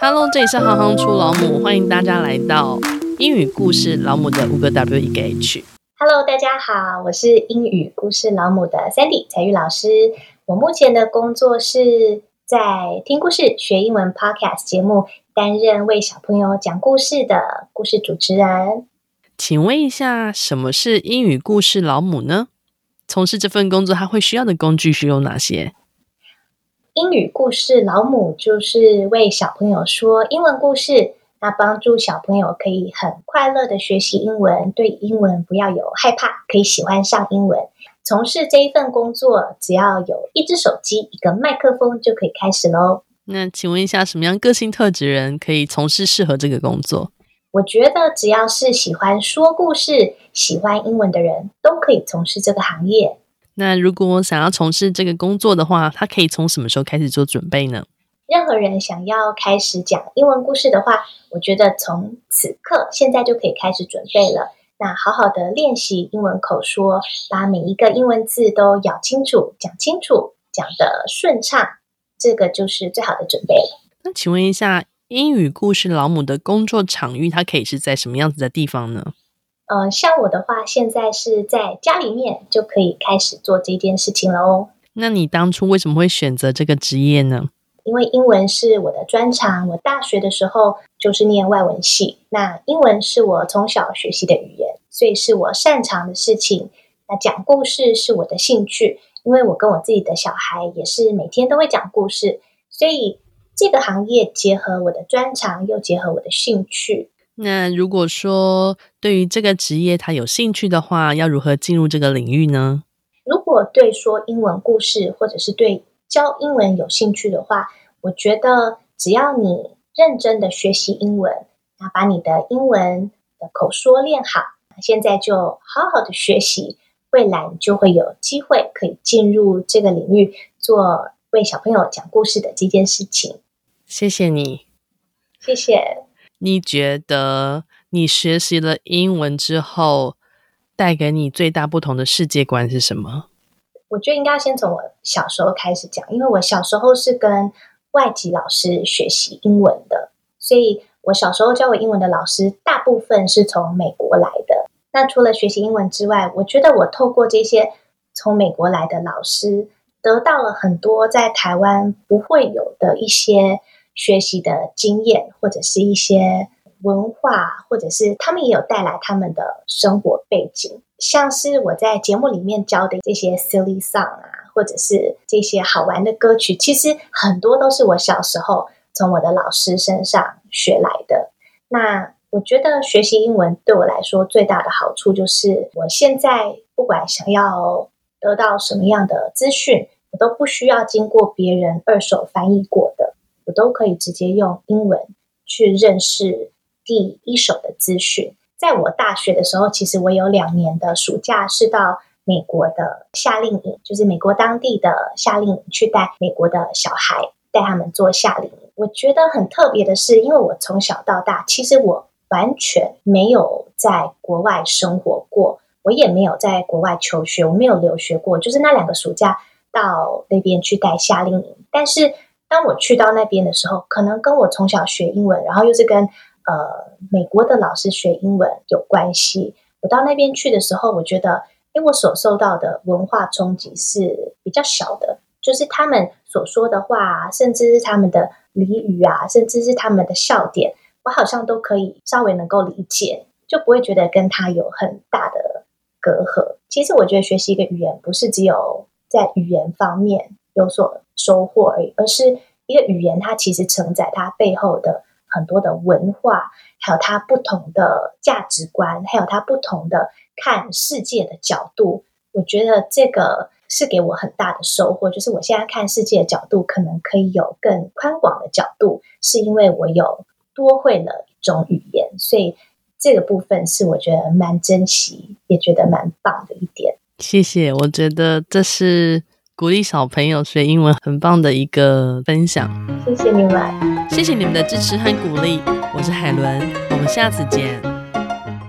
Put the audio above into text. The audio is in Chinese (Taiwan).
Hello，這裡是行行出老母，歡迎大家來到英語故事老母的五個 W 一個 H。Hello，大家好，我是英語故事老母的 Sandy 采聿老師。我目前的工作是在聽故事學英文 Podcast 節目，擔任為小朋友講故事的故事主持人。請問一下，什麼是英語故事老母呢？從事這份工作，他會需要的工具是有哪些？英語故事老母就是為小朋友說英文故事，那幫助小朋友可以很快樂地學習英文，對英文不要有害怕，可以喜歡上英文。從事這一份工作，只要有一只手機、一個麥克風就可以開始嘍。那請問一下，什麼樣個性特質人可以從事適合這個工作？我覺得只要是喜歡說故事、喜歡英文的人都可以從事這個行業。那如果想要從事這個工作的話，他可以從什麼時候開始做準備呢？任何人想要開始講英文故事的話，我覺得從此刻現在就可以開始準備了。那好好的練習英文口說，把每一個英文字都咬清楚、講清楚、講得順暢，這個就是最好的準備了。那請問一下，英語故事老母的工作場域，它可以是在什麼樣子的地方呢？呃，像我的話，現在是在家裡面就可以開始做這件事情了哦。那你當初為什麼會選擇這個職業呢？因為英文是我的專長，我大學的時候就是念外文系，那英文是我從小學習的語言，所以是我擅長的事情。那講故事是我的興趣，因為我跟我自己的小孩也是每天都會講故事，所以這個行業結合我的專長，又結合我的興趣。那如果說，對於這個職業他有興趣的話，要如何進入這個領域呢？如果對說英文故事或者是對教英文有興趣的話，我覺得只要你認真的學習英文，那把你的英文的口說練好，現在就好好的學習，未來你就會有機會可以進入這個領域，做為小朋友講故事的這件事情。謝謝你，謝謝。你覺得你學習了英文之後，帶給你最大不同的世界觀是什麼？我覺得應該要先從我小時候開始講，因為我小時候是跟外籍老師學習英文的，所以我小時候教我英文的老師大部分是從美國來的。那除了學習英文之外，我覺得我透過這些從美國來的老師，得到了很多在台灣不會有的一些。學習的經驗，或者是一些文化，或者是他們也有帶來他們的生活背景。像是我在節目裡面教的這些 silly song 啊，或者是這些好玩的歌曲，其實很多都是我小時候從我的老師身上學來的。那我覺得學習英文對我來說最大的好處就是我現在不管想要得到什麼樣的資訊，我都不需要經過別人二手翻譯過。都可以直接用英文去認識第一手的資訊。在我大學的時候，其實我有兩年的暑假是到美國的夏令營，就是美國當地的夏令營去帶美國的小孩，帶他們做夏令營。我覺得很特別的是，因為我從小到大，其實我完全沒有在國外生活過，我也沒有在國外求學，我沒有留學過，就是那兩個暑假到那邊去帶夏令營，但是。當我去到那邊的時候，可能跟我從小學英文，然後又是跟呃美國的老師學英文有關係。我到那邊去的時候，我覺得，因為我所受到的文化衝擊是比較小的，就是他們所說的話，甚至是他們的俚語啊，甚至是他們的笑點，我好像都可以稍微能夠理解，就不會覺得跟他有很大的隔閡。其實我覺得學習一個語言，不是只有在語言方面有所。收穫而已，而是一個語言，它其實承載它背後的很多的文化，還有它不同的價值觀，還有它不同的看世界的角度。我覺得這個是給我很大的收穫，就是我現在看世界的角度可能可以有更寬廣的角度，是因為我有多會了一種語言，所以這個部分是我覺得蠻珍惜，也覺得蠻棒的一點。謝謝，我覺得這是。鼓勵小朋友學英文很棒的一個分享，謝謝你們，謝謝你們的支持和鼓勵。我是海倫，我們下次見。